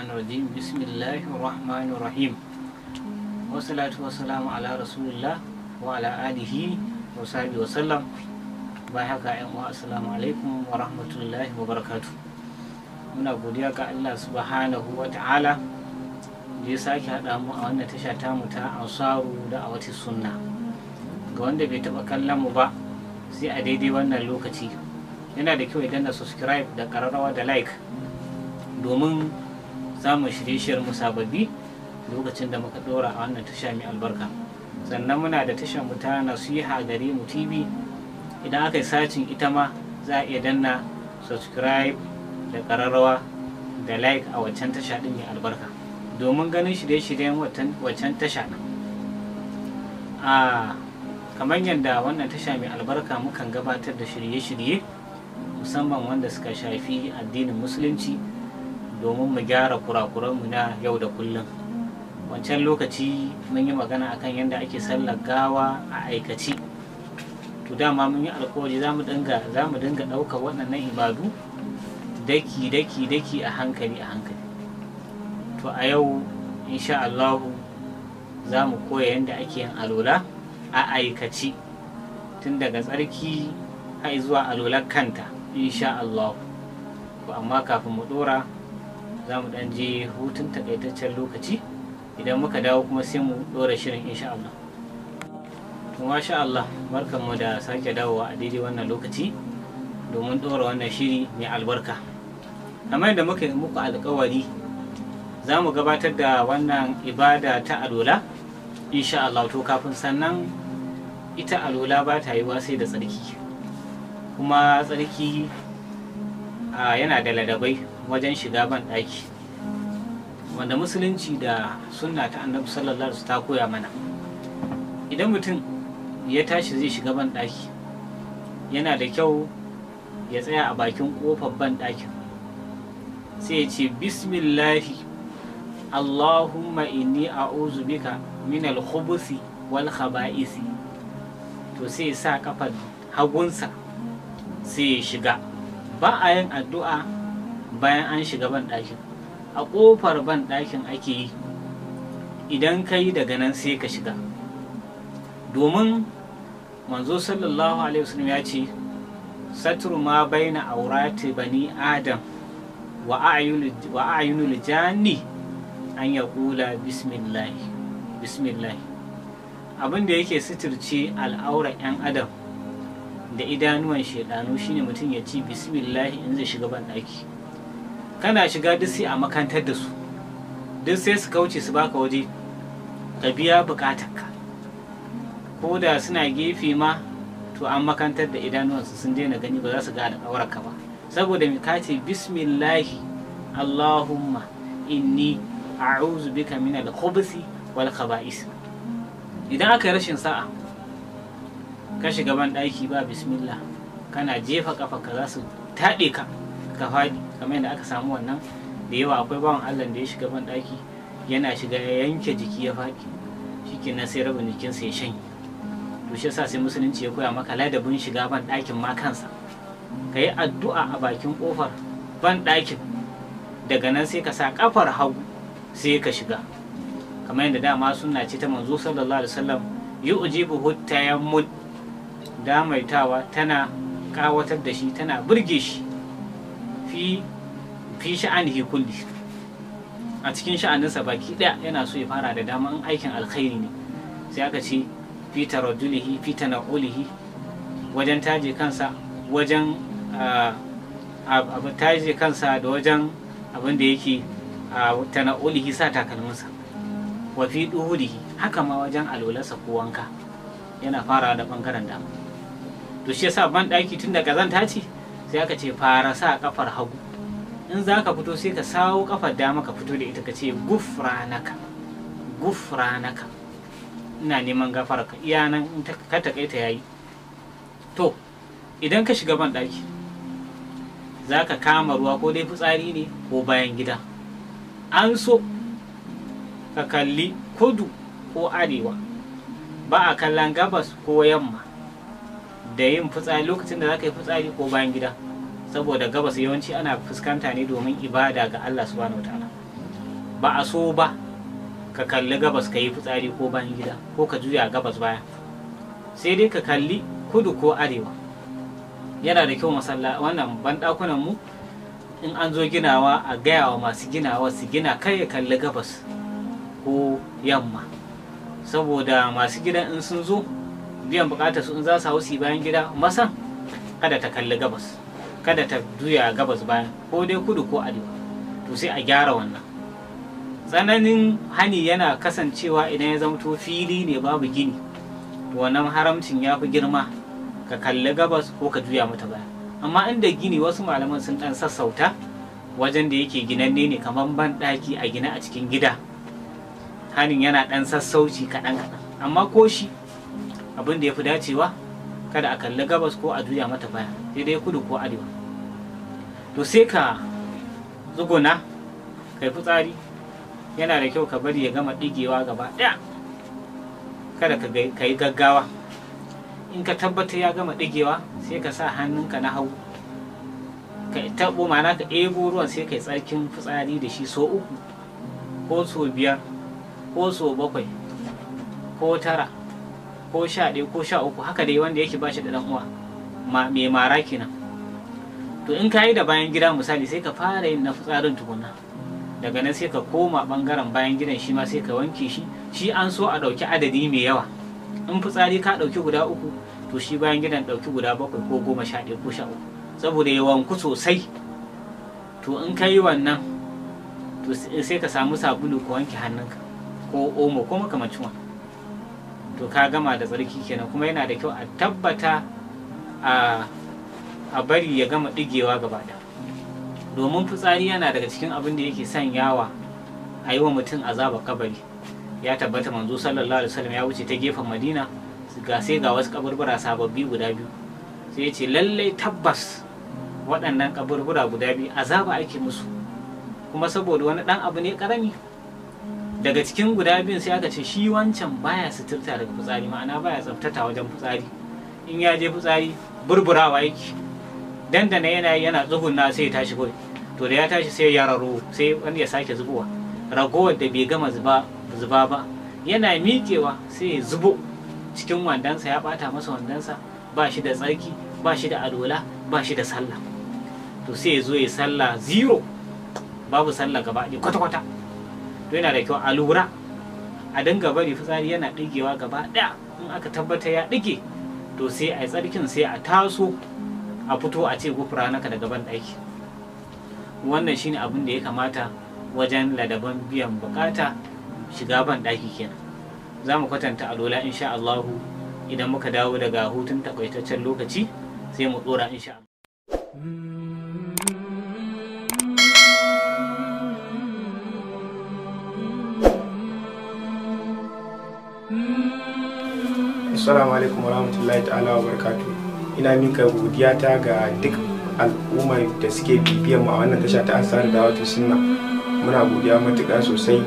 shaitan rajim bismillahir rahmanir rahim wasalatu wasalamu ala rasulillah wa ala alihi wa sahbihi wa sallam ba haka yan assalamu alaikum wa rahmatullahi wa barakatuh muna godiya ga Allah subhanahu wa ta'ala da ya sake haɗa mu a wannan tasha ta mu ta ansaru da a wata sunna ga wanda bai taɓa kallon mu ba sai a daidai wannan lokaci yana da kyau idan da subscribe da ƙararrawa da like domin Za mu shirye-shiryen mu lokacin da muka dora a wannan tasha mai albarka sannan muna da tashar mu ta nasiha gare mu tv idan aka yi sacin ita ma za a iya danna subscribe da kararrawa da like a waccan tasha din mai albarka domin ganin shirye-shiryen waccan tasha a kamar yadda wannan tasha mai albarka mukan gabatar da shirye-shirye musamman wanda suka shafi addinin musulunci domin mu gyara kurakuran mu na yau da kullum wancan lokaci mun yi magana akan yadda ake sallar gawa a aikace to dama mun yi alkawari za mu dinga za mu dinga ɗaukar waɗannan ibadu daki daki daki a hankali a hankali to a yau insha Allah za mu koya yadda ake yin alola a aikaci tun daga tsarki har zuwa alolar kanta insha Allah amma kafin mu ɗora za mu dan je hutun takaitaccen lokaci idan muka dawo kuma sai mu dora shirin insha Allah to masha Allah mu da sake dawowa a daidai wannan lokaci domin dora wannan shiri mai albarka kamar yadda muka yi muku alkawari za mu gabatar da wannan ibada ta alola insha Allah to kafin sannan ita alola ba ta yiwa sai da tsarki kuma tsarki yana da ladabai wajen shiga ban ɗaki wanda musulunci da sunna ta annabi sallallahu alaihi ta koya mana idan mutum ya tashi zai shiga ban ɗaki yana da kyau ya tsaya a bakin ƙofar ban ɗakin sai ya ce bismillahi allahumma inni a'udhu bika min al-khubuthi wal khaba'isi to sai ya sa kafar hagunsa sai ya shiga ba a yin addu'a bayan an shiga ban ɗakin a ƙofar ban ɗakin ake yi idan ka yi daga nan sai ka shiga domin manzo sallallahu alaihi wasallam ya ce satur ma baina aurati bani adam wa yi janni an ya ƙula bismillah abin da yake suturce al'aura 'yan adam da idanuwan shaidanu shine mutum ya ci bismillah in zai shiga banɗaki kana shiga duk sai a makantar da su duk sai su kauce su baka waje ka biya bukatarka ko da suna gefe ma to an makantar da idanuwansu sun daina gani ba za su gane ka ba saboda mai kace bismillahi allahumma inni a'udhu bika min al-khubuthi wal khaba'is idan aka yi rashin sa'a ka shiga ban daki ba bismillah kana jefa kafa ka za su taɗe ka Ka faɗi kamar yadda aka samu wannan da yawa akwai bawan allah da ya shiga ban ɗaki yana shiga ya yanke jiki ya faɗi shike na sai rabin jikinsa ya shanye to shi yasa sai musulunci ya koya maka ladabin shiga ban ɗakin ma kansa ka addu'a a bakin ƙofar ban ɗakin daga nan sai ka sa ƙafar hagu sai ka shiga kamar yadda dama suna ce ta manzo sallallahu alaihi wasallam yi ujibu hutayen mud damaitawa tana ƙawatar da shi tana burge shi fi fi sha'anihi kulli a cikin sha'aninsa baki daya yana so ya fara da dama in aikin alkhairi ne sai aka ce fi taraddulihi fi tanaqulihi wajen taje kansa wajen ah, taje kansa da wajen abin da yake ah, tanaqulihi sa takalminsa wa fi haka ma wajen alwalarsa ko wanka yana fara da bangaren dama to shi yasa ban daki tun da kazanta ce sai aka ce fara sa kafar hagu in za ka fito sai ka sawo kafar dama ka fito da ita ka ce gufranaka gufranaka ina neman gafara ka iya nan ka takaita yayi to idan ka shiga ban daki za ka kama ruwa ko dai fitsari ne ko bayan gida an so ka kalli kudu ko arewa ba a kallon gabas ko yamma da yin fitsari lokacin da za ka yi fitsari ko bayan gida saboda gabas yawanci ana fuskanta ne domin ibada ga Allah subhanahu wataala ba a so ba ka kalli gabas ka yi fitsari ko bayan gida ko ka juya gabas baya sai dai ka kalli kudu ko arewa yana da kyau masalla wannan banɗakunan mu in an zo ginawa a gaya wa masu ginawa su gina kar ya kalli gabas ko yamma saboda masu gidan in sun zo biyan bukatar su in za su bayan gida masan kada ta kalli gabas kada ta juya gabas bayan ko dai kudu ko arewa to sai a gyara wannan tsananin hani yana kasancewa idan ya zamto fili ne babu gini to wannan haramcin ya fi girma ka kalli gabas ko ka juya mata baya amma inda gini wasu malaman sun dan sassauta wajen da yake ginanne ne kamar ban daki a gina a cikin gida hanin yana ɗan sassauci kaɗan kaɗan amma ko shi abin da ya fi dacewa kada a kalli gabas ko a juya mata baya sai dai kudu ko arewa to sai ka tsuguna kai fitsari yana da kyau ka bari ya gama ɗigewa gaba ɗaya kada ka yi gaggawa in ka tabbata ya gama ɗigewa sai ka sa hannunka na hagu ka taɓo mana ka ebo ruwan sai ka yi tsarkin fitsari da shi so uku ko so biyar ko so bakwai ko tara ko sha ɗaya ko sha uku haka dai wanda yake bashi da uwa mai mara kenan to in ka yi da bayan gida misali sai ka fara yin na fitsarin tukuna daga nan sai ka koma bangaren bayan gidan shi ma sai ka wanke shi shi an so a ɗauki adadi mai yawa in fitsari ka ɗauki guda uku to shi bayan gidan ɗauki guda bakwai ko goma sha ɗaya ko sha uku saboda ya wanku sosai to in ka yi wannan to sai ka samu sabulu ka wanke hannunka ko omo ko makamancin wani to ka gama da tsarki kenan kuma yana da kyau a tabbata a bari ya gama ɗigewa gaba domin fitsari yana daga cikin abin da yake yawa a yi wa mutum azaba kabari ya tabbata manzo sallallahu alaihi wasallam ya wuce ta gefen madina ga sai ga wasu kaburbura sababbi guda biyu sai ya ce lallai tabbas waɗannan kaburbura guda biyu azaba ake musu kuma saboda wani ɗan abu ne karami daga cikin guda biyun sai aka ce shi wancan baya suturta daga fitsari ma'ana baya tsaftata wajen fitsari in ya je fitsari burburawa yake dandana yana yana tsugunna sai ya tashi kawai to da ya tashi sai ya raro sai wani ya sake zubowa ragowar da bai gama zuba ba yana miƙewa sai ya zubo cikin wandansa ya bata masa wandansa ba shi da tsarki ba shi da alwala ba shi da sallah to sai ya zo ya sallah zero babu sallah gaba kwata-kwata to yana da kyau a lura a dinga bari fitsari yana ɗigewa gaba ɗaya in aka tabbata ya ɗige to sai a yi tsarkin sai a taso a fito a ce gufura naka daga gaban ɗaki wannan shine abin da ya kamata wajen ladaban biyan bukata shiga ban ɗaki kenan za mu kwatanta alola insha Allahu idan muka dawo daga hutun takaitaccen lokaci sai mu tsora insha Allah. assalamu alaikum warahmatullahi ta'ala wa barkatu ina minka godiya ga duk al'ummar da suke bibiyar mu a wannan tasha ta ansar da wato sunna muna godiya matuƙa sosai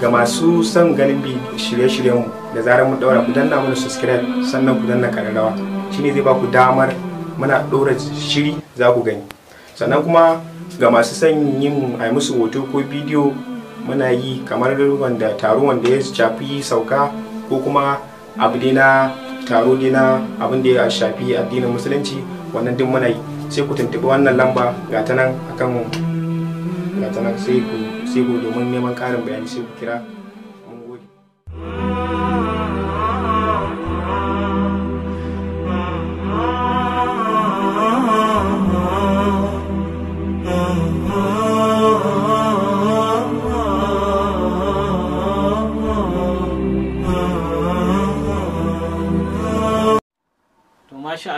ga masu son ganin bi shirye-shiryen mu da zarar mun daura ku danna mana subscribe sannan ku danna kararrawa shine zai ba ku damar muna ɗora shiri za ku gani sannan kuma ga masu son yin a musu hoto ko bidiyo muna yi kamar wanda taro wanda ya shafi sauka ko kuma abu dai na taro dai na abin da ya shafi addinin musulunci wannan duk muna yi sai ku tuntuɓi wannan lamba ga ta nan akan ga ta nan sai ku domin neman ƙarin bayani sai ku kira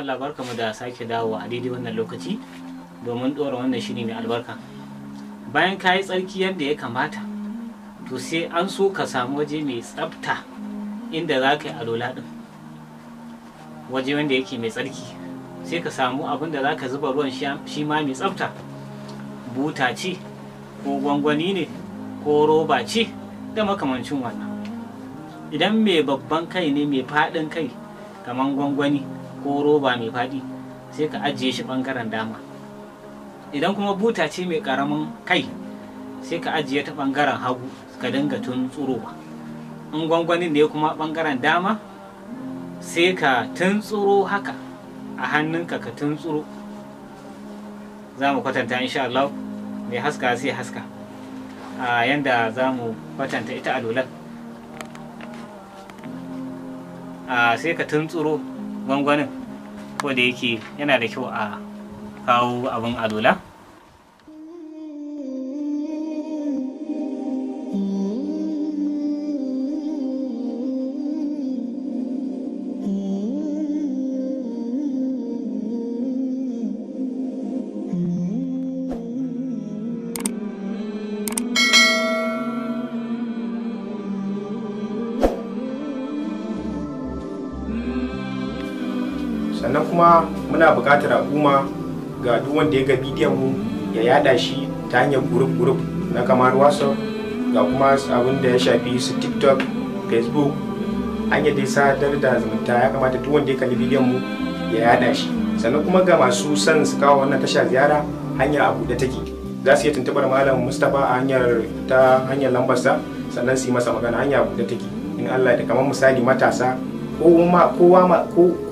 Allah barka mu da sake dawo a daidai wannan lokaci domin ɗora wannan shiri mai albarka bayan ka yi tsarki yadda ya kamata to sai an so ka samu waje mai tsafta inda za ka yi alola ɗin waje wanda yake mai tsarki sai ka samu abin da za ka zuba ruwan shi ma mai tsafta buta ce ko gwangwani ne ko roba ce da makamancin wannan idan mai babban kai ne mai faɗin kai kamar gwangwani ko roba mai faɗi sai ka ajiye shi ɓangaren dama idan kuma buta ce mai ƙaramin kai sai ka ajiye ta ɓangaren hagu ka dinga tun tsurowa in gwangwanin ne kuma ɓangaren dama sai ka tun tsuro haka a hannunka ka tun tsuro za mu kwatanta insha Allah mai haska sai haska a yanda za mu kwatanta ita a alulan sai ka tun tsuro gwangwanin ko da yake yana da kyau a kawo abin alola kuma muna buƙatar al'umma ga duk wanda ya ga bidiyon mu ya yada shi ta hanyar gurup gurup na kamar whatsapp ga kuma abin da ya shafi su tiktok facebook hanyar dai sadar da zumunta ya kamata duk wanda ya kalli bidiyon mu ya yada shi sannan kuma ga masu son su kawo wannan tasha ziyara hanyar a da take za su iya tuntuɓar malam mustapha a hanyar ta hanyar lambarsa sannan su yi masa magana hanya a da take in allah da kamar misali matasa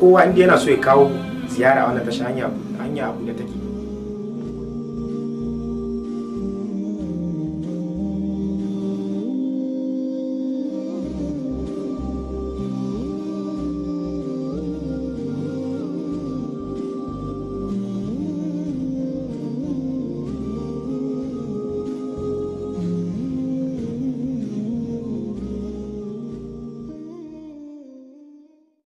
kowa inda yana so ya kawo ziyara a wannan tasha hanya abu da take